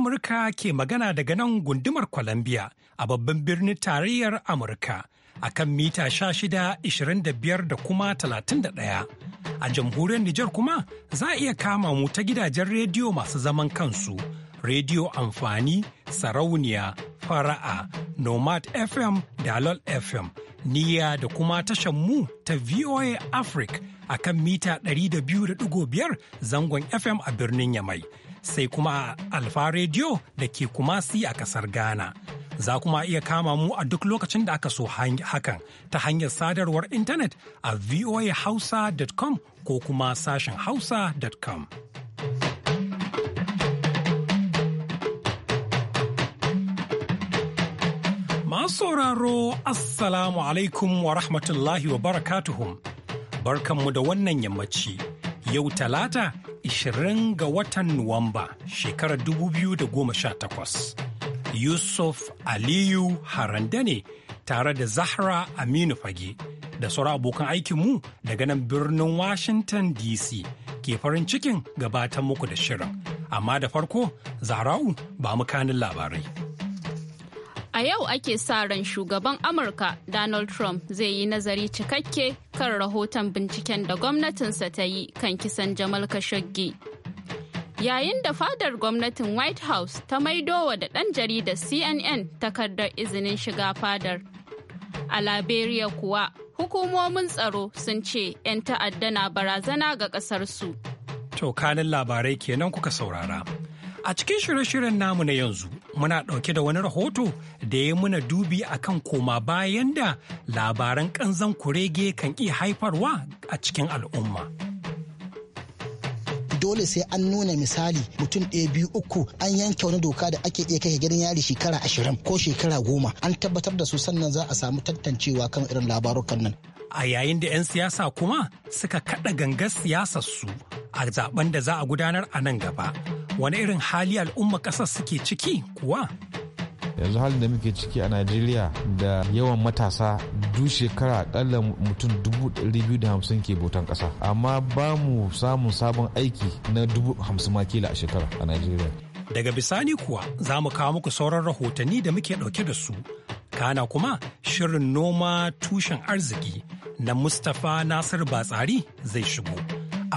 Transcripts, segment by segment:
Amurka ke magana daga nan gundumar Columbia a babban birnin tarayyar Amurka a kan mita 16-25 da kuma talatin ɗaya. A jamhuriyar Nijar kuma za a iya kama mu ta gidajen rediyo masu zaman kansu, rediyo amfani, sarauniya, fara'a, nomad FM, dalol FM, niya da kuma tashan mu ta VOA Africa a kan mita 200.5 zangon FM a birnin Yamai. sai kuma Alfa Rediyo da ke Kumasi a kasar Ghana. Za kuma iya kama mu a duk lokacin da aka so hakan ta hanyar sadarwar intanet a voahausa.com ko kuma sashen hausa.com. Masu sauraro, Assalamu alaikum wa rahmatullahi wa barakatuhum. Barkanmu da wannan yammaci. yau talata 20 ga watan Nuwamba shekarar 2018. Yusuf Aliyu Harande ne tare da Zahra Aminu Fage da sauran abokan aikinmu daga nan birnin Washington DC ke farin cikin gabatan muku da shirin. Amma da farko, Zahra'u ba mu kanin labarai. A yau ake sa ran shugaban Amurka Donald Trump zai yi nazari cikakke kan rahoton binciken da gwamnatinsa ta yi kan kisan Jamal Khashoggi. Yayin da fadar gwamnatin White House ta maido wa da ɗan jaridar CNN takardar izinin shiga fadar. A Liberia kuwa, hukumomin tsaro sun ce 'yan ta'adda na barazana ga ƙasarsu. To kanin labarai kenan kuka saurara. A cikin shirye-shiryen namu na yanzu muna ɗauke da wani rahoto da ya muna dubi akan koma bayan da labaran ƙanzan kurege kan iya haifarwa a cikin al'umma. dole sai an nuna misali mutum ɗaya biyu uku an yanke wani doka da ake iya kai gidan yari shekara ashirin ko shekara goma an tabbatar da su sannan za a samu tantancewa kan irin labarukan nan. A yayin da 'yan siyasa kuma suka kaɗa gangar siyasar su a zaben da za a gudanar a nan gaba. wani irin hali al'umma ƙasar suke ciki kuwa yanzu halin da muke ciki a najeriya da yawan matasa duk shekara akalla mutum 250 ke botan kasa amma ba mu samun sabon aiki na 50 makila a shekara a najeriya daga bisani kuwa za mu kawo muku sauran rahotanni da muke ɗauke da su kana kuma shirin noma tushen arziki na mustapha nasir batsari zai shigo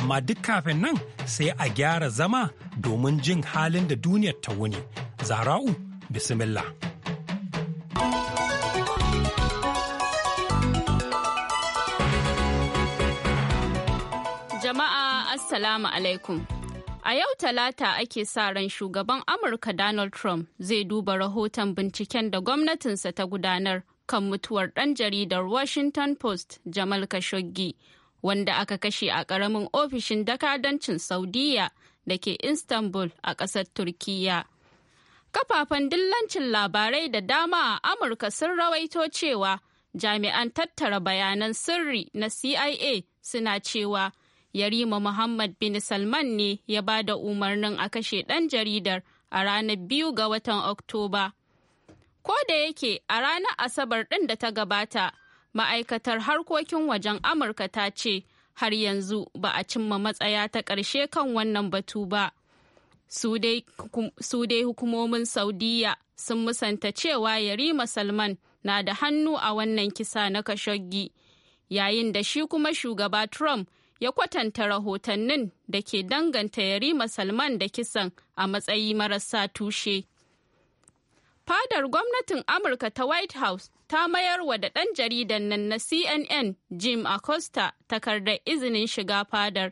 amma duk kafin nan sai a gyara zama domin jin halin da duniyar ta wuni. Zara'u, bismillah. Jama'a Assalamu alaikum. A yau Talata ake sa ran shugaban Amurka Donald Trump zai duba rahoton binciken da gwamnatinsa ta gudanar kan mutuwar ɗan jaridar Washington Post Jamal Khashoggi wanda aka kashe a ƙaramin ofishin dakadancin saudiya da ke istanbul a ƙasar Turkiyya. kafafen dillancin labarai da dama a amurka sun rawaito cewa jami'an tattara bayanan sirri na cia suna cewa yarima muhammad bin salman ne ya ba da umarnin a kashe ɗan jaridar a ranar biyu ga watan oktoba ko da yake a ranar asabar ɗin da ta gabata ma'aikatar harkokin wajen amurka ta ce har yanzu ba a cimma matsaya ta ƙarshe kan wannan batu ba su dai hukumomin saudiya sun musanta cewa yarima salman na da hannu a wannan kisa na kashoggi yayin da shi kuma shugaba trump ya kwatanta rahotannin da ke danganta yarima salman da kisan a matsayi marasa tushe fadar gwamnatin amurka ta white house ta mayar wa da ɗan jaridan nan na CNN Jim Acosta takardar izinin shiga fadar,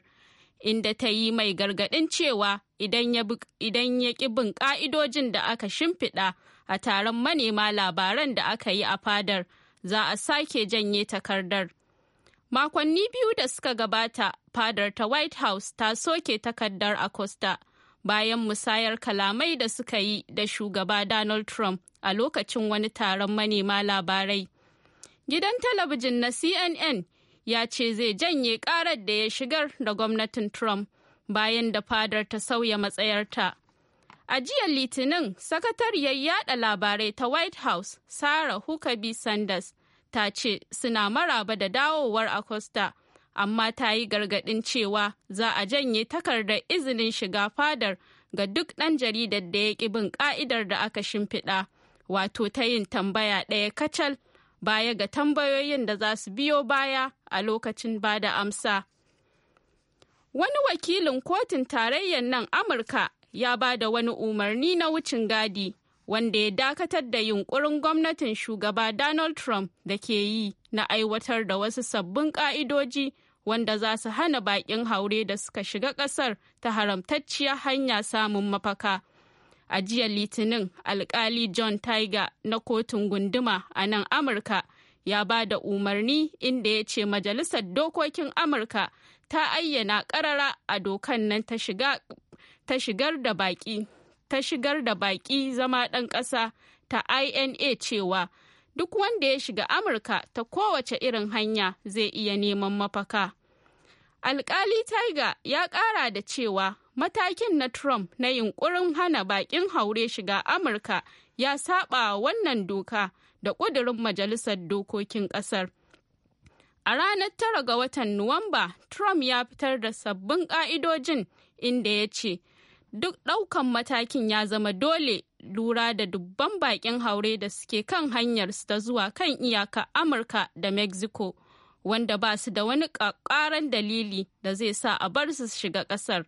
inda ta yi mai gargaɗin cewa idan ya ƙi bin ƙa'idojin da aka shimfiɗa a taron manema labaran da aka yi a fadar, za a sake janye takardar. Makonni biyu da suka gabata, fadar ta White House ta soke takardar Acosta. bayan musayar kalamai da suka yi da shugaba Donald Trump a lokacin wani taron manema labarai. Gidan talabijin na CNN ya ce zai janye ƙarar da ya shigar da gwamnatin Trump bayan da fadar ta sauya matsayarta. A jiya Litinin, sakatariyar yada labarai ta White House, Sarah Huckabee Sanders, ta ce suna maraba da dawowar Acosta amma ta yi gargaɗin cewa za a janye takardar izinin shiga fadar ga duk ɗan jaridar da ya ƙi bin ƙa'idar da aka shimfiɗa wato ta yin tambaya ɗaya kacal baya ga tambayoyin da za su biyo baya a lokacin ba da amsa. Wani wakilin kotun tarayyar nan Amurka ya ba da wani umarni na wucin gadi wanda ya dakatar da yunkurin gwamnatin shugaba Donald Trump da ke yi na aiwatar da wasu sabbin ƙa'idoji wanda za su hana baƙin haure da suka shiga ƙasar ta haramtacciyar hanya samun mafaka. A jiya Litinin, alkali John Tiger na kotun gunduma a nan Amurka ya ba da umarni inda ya ce Majalisar Dokokin Amurka ta ayyana ƙarara a dokan nan ta shigar da baƙi. ta shigar da baƙi zama ɗan ƙasa ta INA cewa duk wanda ya shiga Amurka ta kowace irin hanya zai iya neman mafaka. Alkali Tiger ya ƙara da cewa matakin na Trump na yunkurin hana baƙin haure shiga Amurka ya saba wannan doka da ƙudurin Majalisar Dokokin ƙasar. A ranar tara ga watan Nuwamba, Trump ya fitar da sabbin ƙa'idojin inda ya ce, duk ɗaukan matakin ya zama dole lura da dubban baƙin haure da suke kan hanyar su ta zuwa kan iyaka amurka da mexico wanda ba su da wani ƙaƙƙaran dalili da zai sa a bar su shiga ƙasar.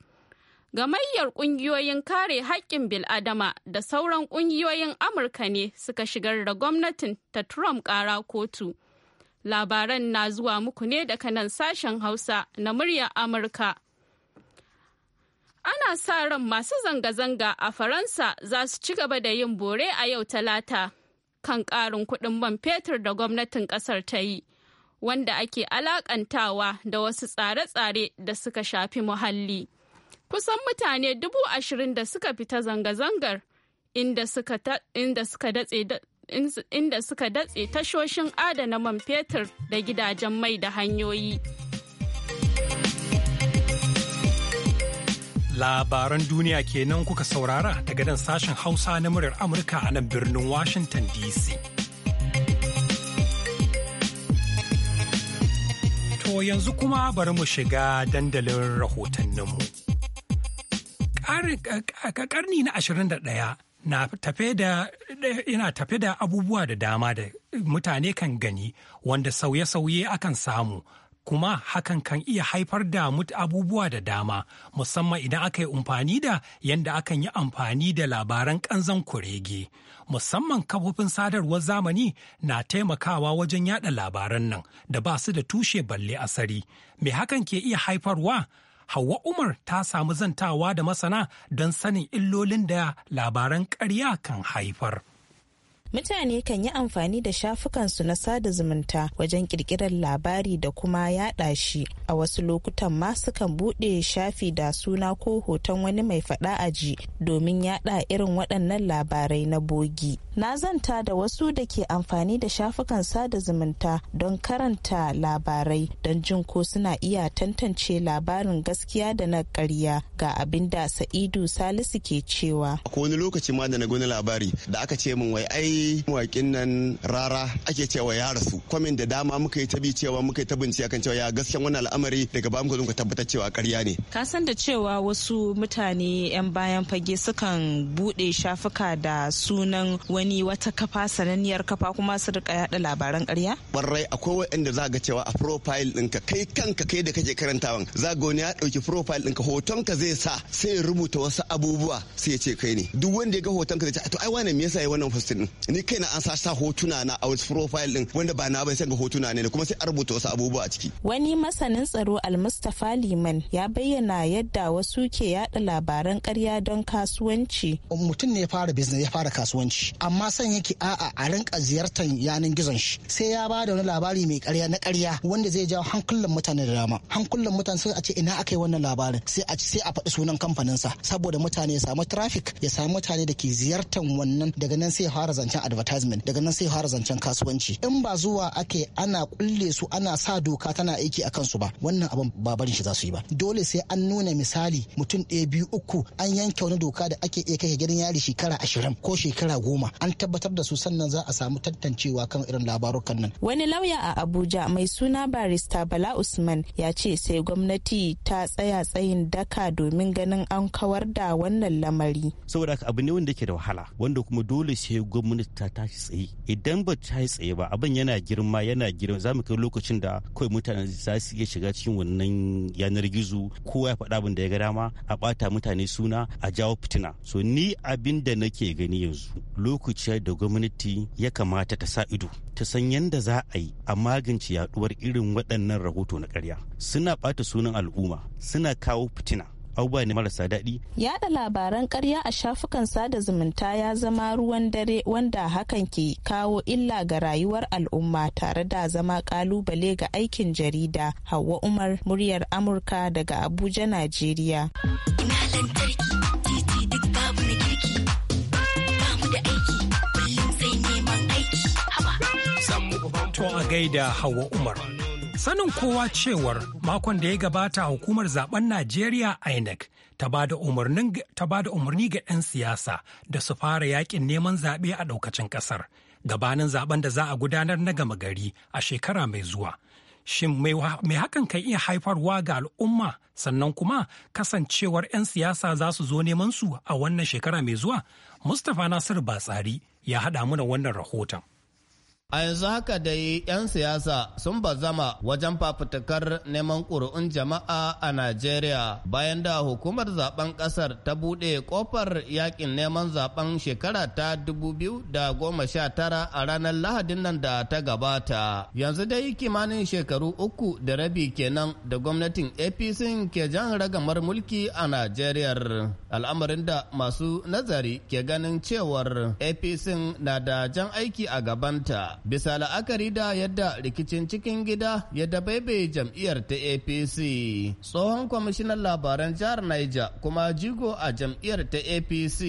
Gamayyar ƙungiyoyin kare haƙƙin bil'adama da sauran ƙungiyoyin Amurka ne suka shigar da gwamnatin ta Trump ƙara kotu. Labaran na zuwa muku ne daga nan sashen Hausa na muryar Amurka ana sa ran masu zanga-zanga a faransa za su ci gaba da yin bore a yau talata kan karin kudin man fetur da gwamnatin kasar ta yi wanda ake alakantawa da wasu tsare-tsare da suka shafi muhalli kusan mutane dubu ashirin da suka fita zanga-zangar inda suka datse tashoshin adana man fetur da gidajen mai da hanyoyi Labaran duniya kenan kuka saurara ta gadon sashen Hausa na muryar Amurka a nan birnin Washington DC. To yanzu kuma bari mu shiga dandalin rahotanninmu. Karni na 21 na tafe da ina tafe da abubuwa da dama da mutane kan gani wanda sauye-sauye akan samu kuma hakan kan iya haifar da abubuwa da dama musamman idan aka yi amfani da yadda akan yi amfani da labaran kanzan kurege musamman kafofin sadarwar zamani na taimakawa wajen yada labaran nan da ba su da tushe balle asari me hakan ke iya haifarwa Hauwa Umar ta samu zantawa da masana don sanin illolin da labaran ƙarya kan haifar. mutane kan yi amfani da shafukansu na sada zumunta wajen kirkirar labari da kuma yada shi a wasu lokutan ma kan bude shafi da suna ko hoton wani mai fada aji domin yada irin waɗannan labarai na bogi na zanta da wasu da ke amfani da shafukan sada zumunta don karanta labarai don jin ko suna iya tantance labarin gaskiya da na karya ga abin da sa'idu salisu ke cewa akwai wani lokaci ma da na gani labari da aka ce min wai ai mawakin nan rara ake cewa ya rasu kwamin da dama muka yi tabi bi cewa muka yi ta bincike kan cewa ya gaskiyan wannan al'amari daga ba muka zo muka tabbatar cewa ƙarya ne ka san da cewa wasu mutane yan bayan fage sukan bude shafuka da sunan wani wata kafa sananniyar kafa kuma su rika yada labaran ƙarya barrai akwai waɗanda za ga cewa a profile ɗinka kai kanka kai da kake karantawan za ga wani ya ɗauki profile ɗinka hotonka zai sa sai rubuta wasu abubuwa sai ya ce kai ne duk wanda ya ga hotonka zai ce to ai wane me yasa ya wannan fasin. ni na an sa sa hotuna na a wasu profile din wanda ba na bai sanga hotuna ne kuma sai a rubuta wasu abubuwa a ciki wani masanin tsaro almustafa liman ya bayyana yadda wasu ke yada labaran karya don kasuwanci mutum ne ya fara business ya fara kasuwanci amma san yake a'a a rinka ziyartar yanan gizon shi sai ya ba da wani labari mai karya na karya wanda zai jawo hankulan mutane da dama hankulan mutane sai a ce ina aka yi wannan labarin sai a sai a faɗi sunan kamfanin sa saboda mutane ya samu traffic ya samu mutane da ke ziyartar wannan daga nan sai ya fara zance zancen advertisement daga nan sai fara zancen kasuwanci in ba zuwa ake ana kulle su ana sa doka tana aiki a kansu ba wannan abin ba barin shi za su yi ba dole sai an nuna misali mutum ɗaya biyu uku an yanke wani doka da ake iya kai gidan yari shekara ashirin ko shekara goma an tabbatar da su sannan za a samu tantancewa kan irin labarukan nan. wani lauya a abuja mai suna barista bala usman ya ce sai gwamnati ta tsaya tsayin daka domin ganin an kawar da wannan lamari. saboda abu ne wanda ke da wahala wanda kuma dole sai gwamnati dole ta tashi tsaye idan ba ta yi tsaye ba abin yana girma yana girma za mu kai lokacin da kawai mutane za su iya shiga cikin wannan yanar gizo kowa ya faɗa abin da ya ga dama a bata mutane suna a jawo fitina so ni abin da nake gani yanzu lokaci da gwamnati ya kamata ta sa ido ta san yadda za a yi a magance yaduwar irin waɗannan rahoto na ƙarya suna ɓata sunan al'umma suna kawo fitina abubuwa ne marasa daɗi. Yaɗa labaran ƙarya a shafukan sada zumunta ya zama ruwan dare wanda hakan ke kawo illa ga rayuwar al'umma tare da zama ƙalubale ga aikin jarida. Hauwa Umar muryar Amurka daga Abuja, Najeriya. To a gaida Hauwa Umar. Sanin kowa cewar makon da ya gabata hukumar zaben Najeriya INEC ta ba da umarni ga 'yan siyasa da su fara yakin neman zaɓe a ɗaukacin ƙasar gabanin zaben da za a gudanar na gama gari a shekara mai zuwa. Shin mai hakan kan iya haifarwa ga al'umma sannan kuma kasancewar 'yan siyasa za su zo neman su a wannan shekara mai zuwa? Mustapha Nasir Batsari ya haɗa mana wannan rahoton. A yanzu haka dai 'yan siyasa sun bazama wajen fafutukar neman ƙuri'un jama'a a Najeriya bayan da hukumar zaben ƙasar ta buɗe ƙofar yakin neman zaben shekara ta 2019 a ranar Lahadin nan da ta gabata. Yanzu dai kimanin shekaru uku da rabi kenan da gwamnatin APC ke jan ragamar mulki a Najeriya. Al'amarin da masu nazari ke ganin cewar APC na da jan aiki a gabanta. bisa la'akari da yadda rikicin cikin gida ya dabaibe jam'iyyar ta apc tsohon kwamishinan labaran jihar niger kuma jigo a jam'iyyar ta apc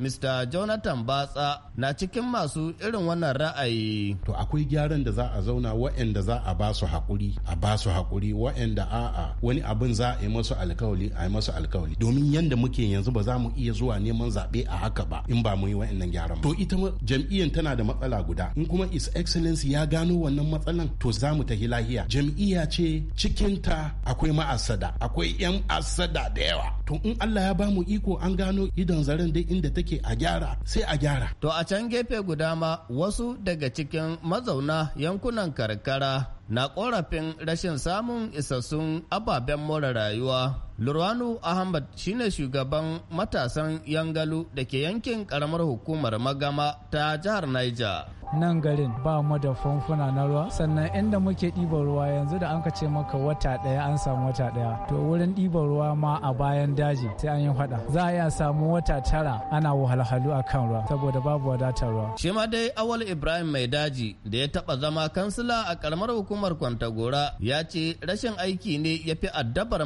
mr jonathan batsa na cikin masu irin wannan ra'ayi to akwai gyaran da za a zauna wa'anda za a ba su haƙuri a ba su haƙuri wa'anda a'a wani abin za a yi masu alkawali a yi masu alkawali domin yanda muke yanzu ba za mu iya zuwa neman zaɓe a haka ba in ba mu yi wa'annan gyaran to ita jam'iyyar tana da matsala guda in kuma isa. his excellency ya gano wannan matsalan to za mu tafi lahiya jam'iyya ce cikinta akwai ma'asada akwai 'yan asada da yawa to in allah ya bamu iko an gano idon zaren dai inda take a gyara sai a gyara to a can gefe guda ma wasu daga cikin mazauna yankunan karkara na korafin rashin samun isassun ababen more rayuwa. Lurwanu Ahmad shine shugaban matasan Yangalu da ke yankin karamar hukumar Magama ta jihar Niger. Nan garin ba mu da famfuna na ruwa sannan inda muke ɗiban ruwa yanzu da an ka ce maka wata ɗaya an samu wata ɗaya to wurin ɗiban ruwa ma a bayan daji sai an yi faɗa za a iya samu wata tara ana wahalhalu a kan ruwa saboda babu wadatar ruwa. Shi ma dai Awal Ibrahim Mai Daji da ya taɓa zama kansila a karamar hukumar hukumar Kwantagora ya ce rashin aiki ne ya fi addabar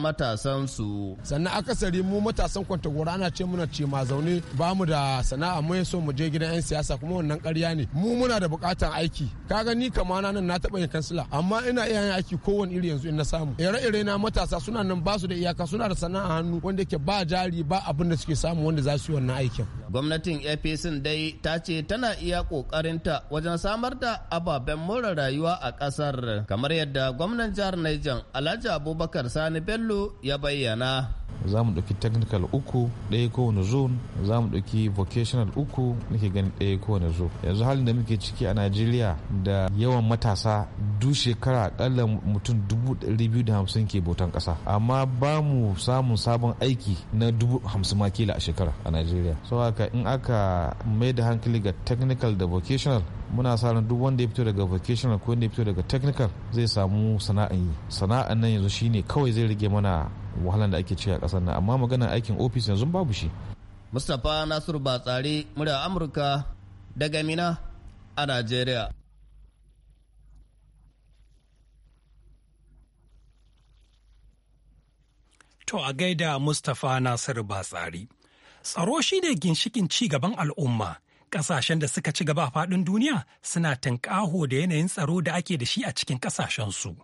su. Sannan akasari mu matasan Kwantagora ana ce muna ce zaune ba mu da sana'a mu so mu je gidan 'yan siyasa kuma wannan karya ne. Mu muna da buƙatar aiki. Kaga ni kama na nan na taɓa yin kansila amma ina iya yin aiki kowane iri yanzu in na samu. Ire-ire na matasa suna nan ba su da iyaka suna da sana'a hannu wanda ke ba jari ba abin da suke samu wanda za su yi wannan aikin. Gwamnatin APC dai ta ce tana iya ƙoƙarinta wajen samar da ababen more rayuwa a kasar. kamar yadda gwamnan jihar Niger Alhaji Abubakar Sani Bello ya bayyana. za mu ɗauki technical uku ɗaya kowane zone za mu ɗauki vocational uku nake gani ɗaya kowane zone yanzu halin da muke ciki a najeriya da yawan matasa duk shekara akalla mutum dubu ɗari biyu da hamsin ke bautan ƙasa amma ba mu samun sabon aiki na dubu hamsin ma a shekara a najeriya so haka in aka mai da hankali ga technical da vocational muna sa ran duk wanda ya fito daga vocational ko wanda ya fito daga technical zai samu sana'a yi sana'an nan yanzu shine kawai zai rage mana wahalan da ake ci a kasar nan amma magana aikin ofis yanzu babu shi mustapha nasir batsari murya amurka daga mina a nigeria. To a gaida Mustapha nasir Batsari. Tsaro shi ne ginshikin ci gaban al'umma Ƙasashen da suka ci gaba a faɗin duniya suna tankaho da yanayin tsaro da ake da shi a cikin ƙasashensu.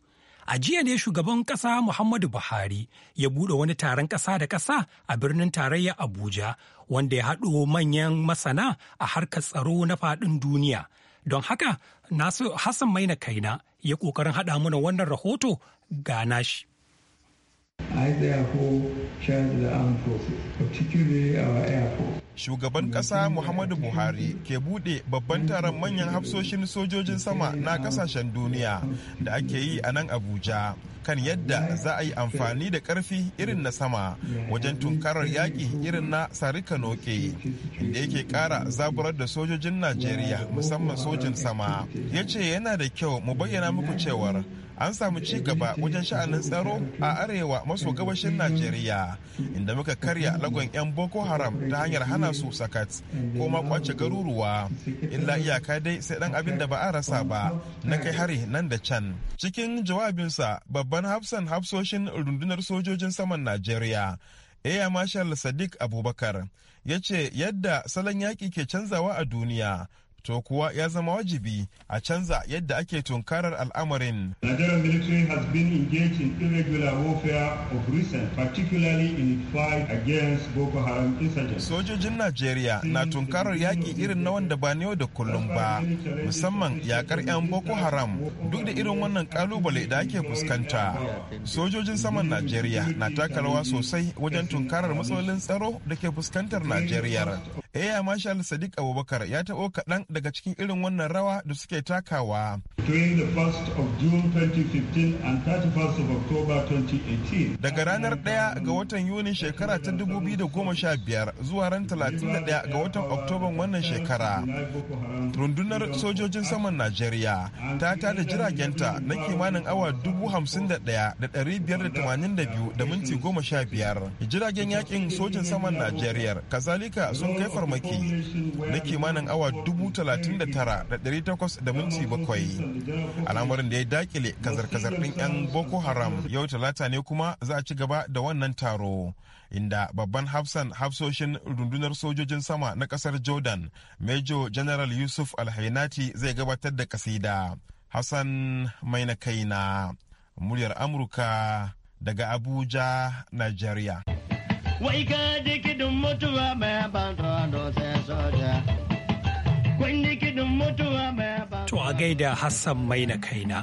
A jiya ne shugaban ƙasa Muhammadu Buhari ya buɗe wani taron ƙasa da ƙasa a birnin tarayya Abuja wanda ya haɗo manyan masana a harkar tsaro na faɗin duniya. Don haka, nasu Hassan Maina Kaina ya ƙoƙarin haɗa mana wannan rahoto ga nashi. I therefore charge the armed forces, particularly our air force, shugaban kasa Muhammadu Buhari ke bude babban taron manyan hafsoshin sojojin sama na kasashen duniya da ake yi a nan Abuja. kan yadda za a yi amfani da karfi irin na sama wajen tunkarar yaƙi irin na sarika noke inda yake ƙara zaburar da sojojin najeriya musamman sojin sama ya ce yana da kyau mu bayyana muku cewar an samu ci gaba wajen sha'anin tsaro a arewa maso gabashin najeriya inda muka karya lagon 'yan boko haram ta hanyar hana su sakat ko ma kwace garuruwa illa iyaka dai sai dan abin da ba a rasa ba na kai hari nan da can cikin jawabinsa babban hafsan hafsoshin rundunar sojojin saman najeriya Air Marshal Sadiq Abubakar ya ce yadda salon yaƙi ke canzawa a duniya to kuwa ya zama wajibi a canza yadda ake tunkarar al'amarin. Sojojin Najeriya na tunkarar yaƙi irin na wanda ba yau da kullum ba, musamman yaƙar 'yan Boko Haram duk da irin wannan ƙalubale da ake fuskanta. Sojojin saman Najeriya na taka rawa sosai wajen tunkarar matsalolin tsaro da ke fuskantar Najeriya. Eya eh, Marshal Sadiq Abubakar ya taɓo kaɗan daga cikin irin wannan rawa da suke takawa. During the 1st of June 2015 and 31st of October 2018. Daga ranar ɗaya ga watan Yuni shekara ta 2015 zuwa ran 31 ga watan Oktoban wannan shekara. Rundunar sojojin saman Najeriya ta tada jiragenta na kimanin awa 51,582 da minti 15. Jiragen yakin sojin saman Najeriya kazalika sun kai farmaki na kimanin awa 39,800 da minti bakwai al'amarin da ya dakile kazar-kazar ɗin 'yan boko haram yau talata ne kuma za a ci gaba da wannan taro inda babban hafsan hafsoshin rundunar sojojin sama na kasar jordan major general yusuf alhainati zai gabatar da kasida hassan mai na kaina muryar amurka daga abuja nigeria wai ka ji kidin mutuwa mai ban tsoro sai soja mutuwa mai ban to a gaida hassan mai na kaina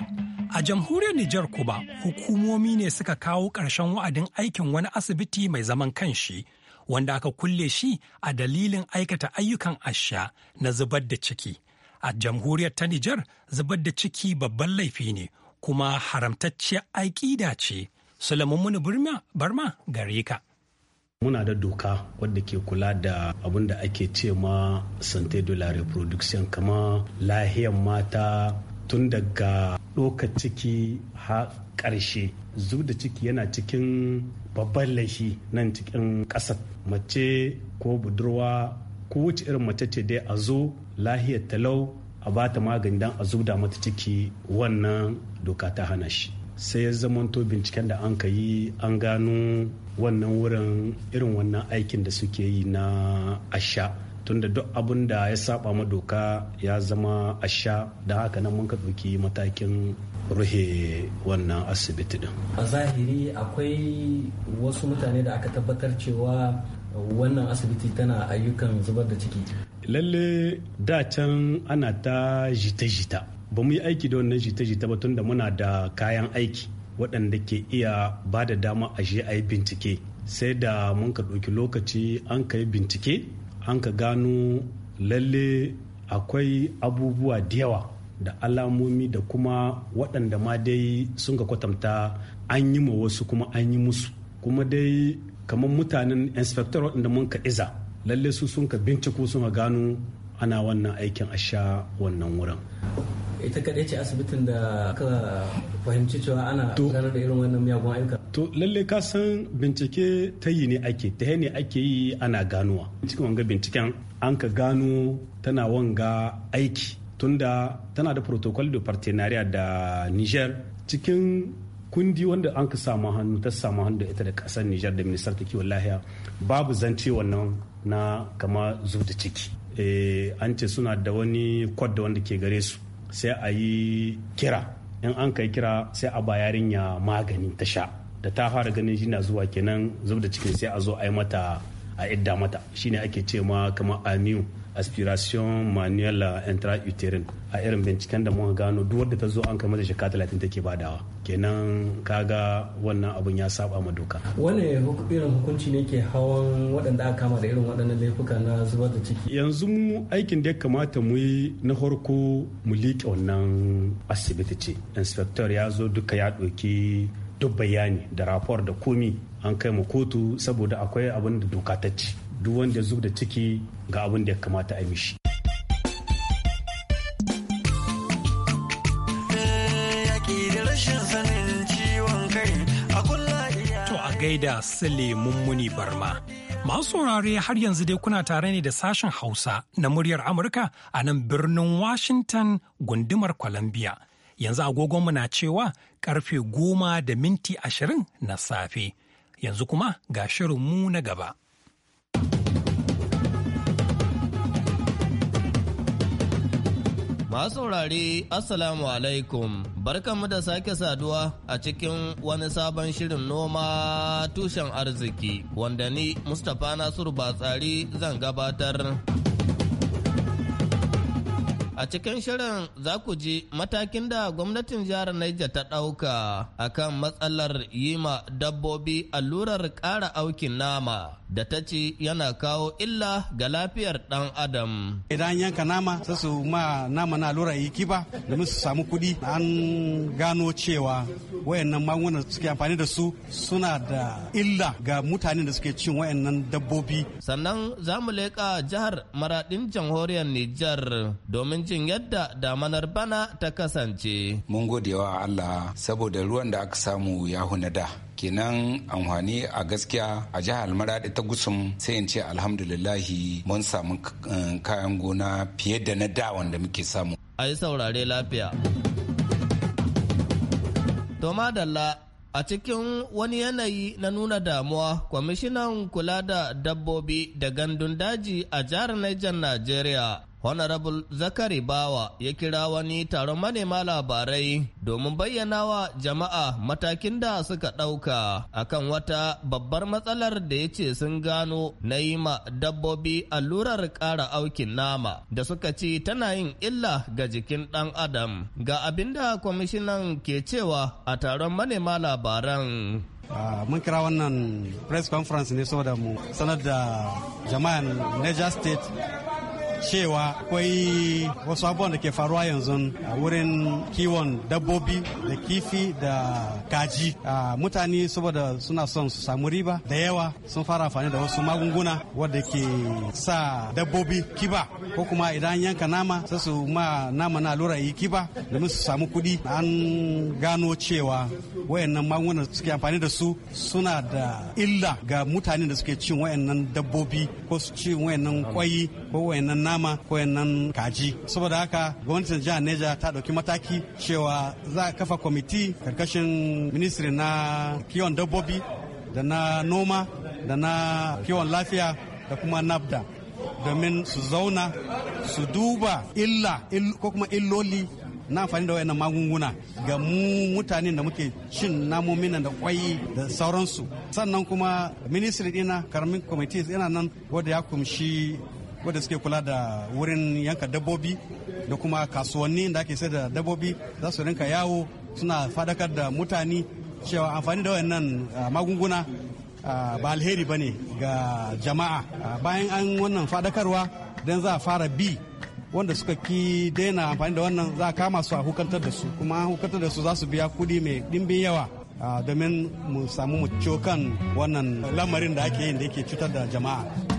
A jamhuriyar Nijar kuma hukumomi ne suka kawo ƙarshen wa'adin aikin wani asibiti mai zaman kanshi wanda aka kulle shi a dalilin aikata ayyukan asha na zubar da ciki. A jamhuriyar ta Nijar zubar da ciki babban laifi ne kuma haramtacciyar aƙida ce. Sulaiman Muni Barma gare ka. muna da doka wadda ke kula da abin da ake ce ma sante de la reproduction kama lahiyar mata tun daga ɗoka ciki ha ƙarshe zub da ciki yana cikin babban laifi nan cikin ƙasar mace ko budurwa ko wuce irin mace ce dai a zo lahiyar talau a bata magani don a da mata ciki wannan doka ta hana shi sai ya zamanto binciken da an ka yi an gano wannan wurin irin wannan aikin da suke yi na asha tunda duk abun da ya saba ma doka ya zama asha da haka nan mun ka ɗauki matakin ruhe wannan asibiti din a zahiri akwai wasu mutane da aka tabbatar cewa wannan asibiti tana ayyukan zubar da ciki lalle da can ana ta jita-jita ba mu yi aiki da wannan jita-jita ba tunda muna da kayan aiki waɗanda ke iya ba da dama a je a yi bincike sai da mun ka ɗauki lokaci an ka yi bincike an ka gano lalle akwai abubuwa da yawa da alamomi da kuma waɗanda ma dai sun ka kwatanta an yi ma wasu kuma an yi musu kuma dai kamar mutanen inspector waɗanda mun ka iza lalle su sun ka binciko sun gano ana wannan aikin a sha wannan wurin ita kaɗai ce asibitin da aka fahimci cewa ana gudanar da irin wannan miyagun ayyuka to lalle ka san bincike ta yi ne ake ta ne ake yi ana ganuwa. cikin wanga binciken an ka gano tana wanga aiki tunda tana da protocol da partenariat da niger cikin kundi wanda an ka samu hannu ta samu hannu da ita da kasar niger da ministar ta kiwon lahiya babu zance wannan na kama zuwa ciki eh, an ce suna da wani da wanda ke gare su sai a yi kira in an kai kira sai a ba yarinya magani ta sha da ta fara ganin shi zuwa kenan zub da cikin sai a zo a yi mata a idda mata shine ake ce ma kamar amiyu aspiration manuel euh, intra-uterine a irin binciken da muka gano duk wadda ta zo an kai mata shekara talatin take badawa kenan kaga wannan abun ya saba ma doka wani irin hukunci ne ke hawan waɗanda aka kama da irin waɗannan laifuka na zubar da ciki yanzu mu aikin da ya kamata mu yi na farko mu liƙe wannan asibiti ce inspector ya zo duka ya ɗauki duk bayani da rapor da komi an kai mu kotu saboda akwai abin da doka ta ce duk wanda zub da ciki ga abin da ya kamata a To a gaida Sule Mummuni Barma. Masu saurare har yanzu dai kuna tare ne da sashen Hausa na muryar Amurka a nan birnin Washington gundumar Columbia. Yanzu agogonmu na cewa karfe goma da minti ashirin na safe. Yanzu kuma ga shirinmu na gaba. Masu saurare Assalamu alaikum barkanmu da sake saduwa a cikin wani sabon shirin noma tushen arziki wanda ni Mustapha Nasiru Batsari zan gabatar. A cikin shirin za ku ji matakin da gwamnatin jihar Niger ta ɗauka a kan matsalar yi ma dabbobi allurar ƙara aukin nama da ta ce yana kawo illa ga lafiyar ɗan adam. Idan yanka nama sai su ma nama na allurar yi kiba domin su samu kuɗi an gano cewa wayannan da suke amfani da su suna da illa ga mutane da suke cin wayannan dabbobi. Sannan za mu leƙa jihar Maraɗin jamhuriyar Nijar domin domin yadda damanar bana ta kasance. Mun gode wa Allah saboda ruwan da aka samu ya da kenan amfani a gaskiya a jihar maradi ta gusum sai in ce alhamdulillahi mun samu eh, kayan gona fiye da na da wanda muke samu a yi saurare lafiya to a cikin wani yanayi na nuna damuwa kwamishinan kula da dabbobi da gandun daji a jihar Niger Najeriya Honorable Zakari Bawa ya kira wani taron manema labarai domin bayyana wa jama'a matakin da suka ɗauka akan wata babbar matsalar da ya ce sun gano na yi ma dabbobi allurar kara aukin nama da suka ci tana yin illa ga jikin ɗan adam. Ga abin da kwamishinan ke cewa a taron manema labaran. Uh, mun kira wannan press conference ne saboda mu sanar da jama'an Niger State cewa akwai wasu abubuwan da ke faruwa yanzu a wurin kiwon dabbobi da kifi da kaji mutane saboda suna son su samu riba da yawa sun fara amfani da wasu magunguna wadda ke sa dabbobi kiba ko kuma idan yanka nama sai su ma nama na lura yi kiba domin su samu kuɗi an gano cewa wayannan magunguna suke amfani da su suna da illa ga mutane da suke cin wayannan dabbobi ko su cin wayannan kwai ko wayannan nama ko wayannan kaji saboda haka gwamnatin jihar Neja ta dauki mataki cewa za a kafa kwamiti karkashin ministry na kiwon dabbobi da na noma da na kiwon lafiya da kuma nabda domin su zauna su duba illa ko kuma illoli na amfani da wayannan magunguna ga mu mutanen da muke cin namomin nan da kwai da sauransu sannan kuma ministry dina karamin committees yana nan wanda ya kumshi wadda suke kula da wurin yanka dabbobi da kuma kasuwanni da ake sai da dabbobi za su rinka yawo suna fadakar da mutane cewa amfani da wayannan ah, magunguna ah, ba alheri ba ne ga jama'a ah, bayan an wannan fadakarwa don za a fara bi wanda suka ki daina amfani da wannan za a kama su a hukantar da su kuma hukantar da su za su biya kudi mai dimbin yawa domin mu samu mu ciwo kan wannan lamarin da ake yin da yake cutar da jama'a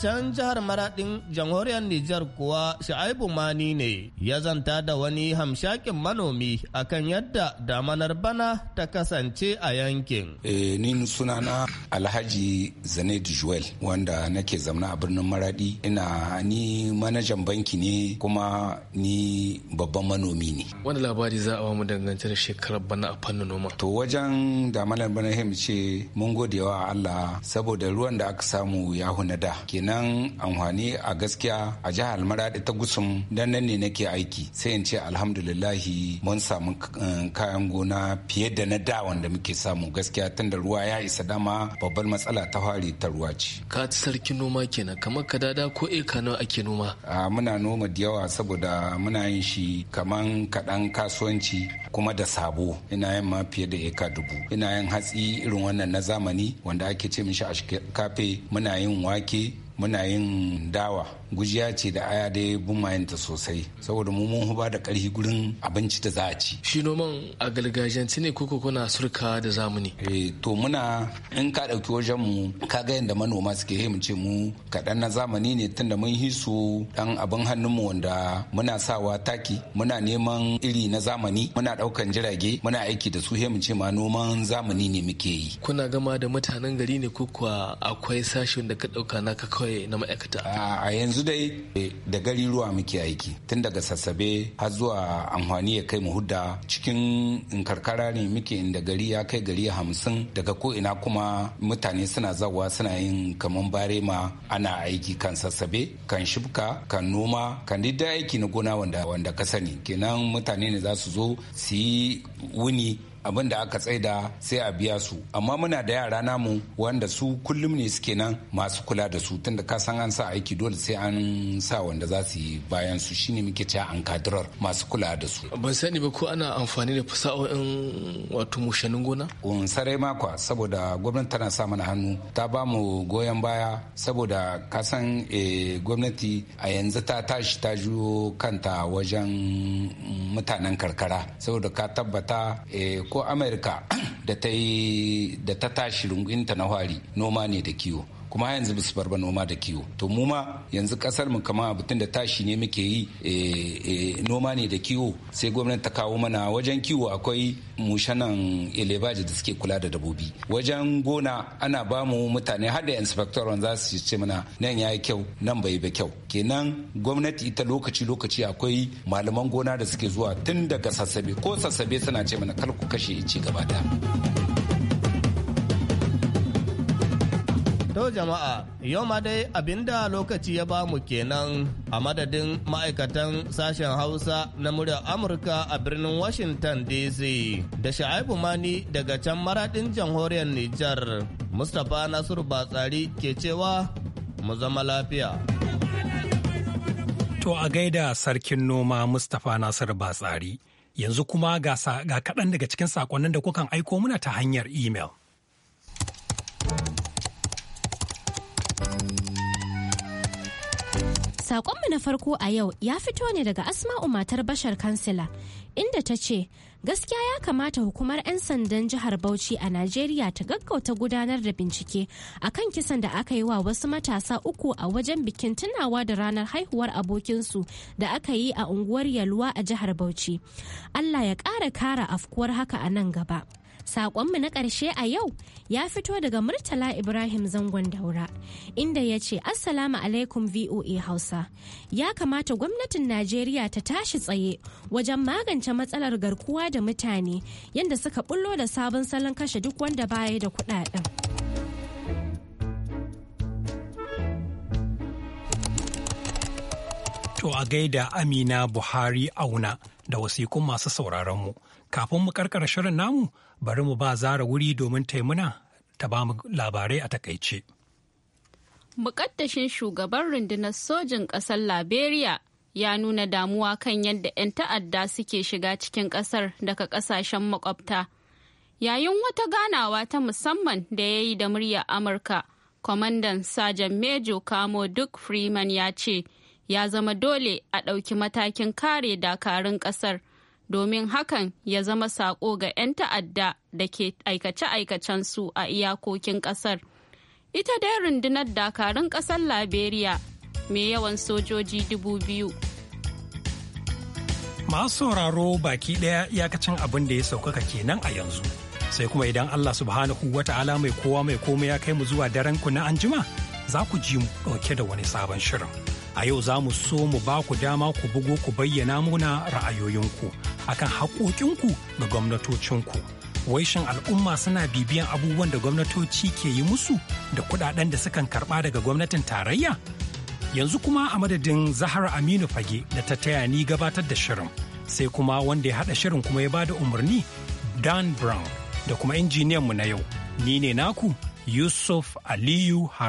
can jihar Maraɗin jamhuriyar Nijar kuwa Sha'aibu Mani ne ya zanta da wani hamshakin manomi akan yadda damanar bana ta kasance a yankin. E, ni sunana Alhaji Zanet Joel wanda nake zamna a birnin Maraɗi ina ni manajan banki ne kuma ni babban manomi ne. Wani labari za a mu dangance da shekarar bana a fannin noma? To wajen damanar bana ce mun gode wa Allah saboda ruwan da aka samu ya huna da kenan Nan amfani a gaskiya a jihar maradi ta gusum dan nan ne nake aiki sai in ce alhamdulillahi mun samu eh, kayan gona fiye da na da wanda muke samu gaskiya tunda ruwa ya isa dama babbar matsala ta fari ta ruwa ce ka ci sarki noma kenan kamar ka dada ko eka nawa ake noma a muna noma da yawa saboda muna yin shi kaman kaɗan kasuwanci kuma da sabo ina yin ma fiye da eka dubu ina yin hatsi irin wannan na zamani wanda ake ce mishi a kafe muna yin wake muna yin dawa gujiya ce da aya dai mayanta sosai saboda mu mun huba da karfi gurin abinci da za a ci shi noman a gargajiyanci ne koko kuna surka da zamani eh to muna in ka dauki wajen mu ka ga yanda manoma suke yi mu ce mu kaɗan na zamani ne tunda mun hisu dan abin hannun mu wanda muna sawa taki muna neman iri na zamani muna ɗaukan jirage muna aiki da su he ce ma noman zamani ne muke yi kuna gama da mutanen gari ne ko akwai sashen da ka dauka ka kawai na ma'aikata a yanzu yanzu dai eh, da gari ruwa muke aiki tun daga sassabe har zuwa amfani ya kai mu hudda cikin karkara ne muke inda gari ya kai gari hamsin daga ko ina kuma mutane suna zawa suna yin kaman barema ana aiki kan sassabe kan shibka kan noma kan duk aiki na gona wanda wanda ka sani kenan mutane ne za su zo su yi wuni abin da aka tsaida sai a biya su amma muna da yara namu wanda su kullum ne suke nan masu kula da su tunda ka san an sa aiki dole sai an sa wanda za su yi bayan su shine muke cewa an kadirar masu kula da su ban sani ba ko ana amfani da fasahohin wato mushanin gona sarai makwa saboda gwamnati tana sa mana hannu ta ba mu goyon baya saboda ka san eh, gwamnati a yanzu ta tashi ta juyo kanta wajen mutanen karkara saboda ka tabbata eh, ko ko amurka da ta tashi rungunta na hwari noma ne da kiwo kuma yanzu bisu su bar noma da kiwo to mu ma yanzu kasar mu kama abutun da tashi ne muke yi eh, eh, noma ne da kiwo sai gwamnati ta kawo mana wajen kiwo akwai mushanan elebaji da suke kula da dabobi wajen gona ana ba mu mutane har da inspector za su ce mana nan ya yi kyau nan bai ba kyau kenan gwamnati ita lokaci lokaci akwai malaman gona da suke zuwa tun daga sassabe ko sassabe suna ce mana kar ku kashe ci gaba To jama'a, yau ma dai abinda lokaci ya ba mu kenan a madadin ma'aikatan sashen Hausa na muryar Amurka a birnin Washington DC da sha'ibu Mani daga can maradin jamhuriyar Nijar. Mustapha Nasiru Batsari ke cewa mu zama lafiya. To a gaida sarkin noma Mustapha Nasiru Batsari. Yanzu kuma ga kaɗan daga cikin saƙonnin da kukan aiko muna ta hanyar imel. Sakonmu na farko a yau ya fito ne daga Asma'u matar Bashar Kansila, inda ta ce, Gaskiya ya kamata hukumar 'yan sandan jihar Bauchi a Najeriya ta gaggauta gudanar da bincike akan kisan da aka yi wa wasu matasa uku a wajen bikin tunawa da ranar haihuwar abokinsu da aka yi a unguwar Yalwa a jihar Bauchi. Allah ya ƙara kara afkuwar haka a nan gaba. Saƙonmu na ƙarshe a yau ya fito daga Murtala Ibrahim Zangon Daura, inda ya ce Assalamu alaikum VOA Hausa. Ya kamata gwamnatin Najeriya ta tashi tsaye wajen magance matsalar garkuwa da mutane yadda suka bullo da sabon salon kashe duk wanda baya da kudaden. To a gaida Amina Buhari auna da wasikun masu sauraronmu. Kafin mu karkara shirin namu bari mu ba zara wuri domin taimuna ta ba mu labarai a takaice. Mukaddashin shugaban rundunar sojin ƙasar Liberia ya nuna damuwa kan yadda 'yan ta'adda suke shiga cikin ƙasar daga ƙasashen makwabta. Yayin wata ganawa ta musamman da ya yi da muryar Amurka, kwamandan Sajan Mejo Kamo Duk Freeman ya ce, ya zama dole a ɗauki matakin kare dakarun ƙasar domin hakan ya zama saƙo ga 'yan ta'adda da ke aikace-aikacensu a iyakokin ƙasar. Ita dai rundunar dakarun ƙasar Liberia mai yawan sojoji dubu biyu. Masu sauraro baki ɗaya iyakacin abin da ya saukaka kenan a yanzu. Sai kuma idan Allah subhanahu wa ta'ala mai kowa mai komai ya kai mu zuwa daren ku na anjima za ku ji mu ɗauke da wani sabon shirin. A yau za mu so mu ba ku dama ku bugo ku bayyana muna ra'ayoyinku akan haƙoƙinku ga gwamnatocinku. Waishin al'umma suna bibiyan abubuwan da gwamnatoci ke yi musu da kuɗaɗen da sukan karɓa daga gwamnatin tarayya? Yanzu kuma a madadin Zahara Aminu Fage da ta taya ni gabatar da shirin, sai kuma wanda ya haɗa shirin kuma ya bada umarni Dan Brown da kuma injiniyan mu na yau. Ni ne naku Yusuf Aliyu Har.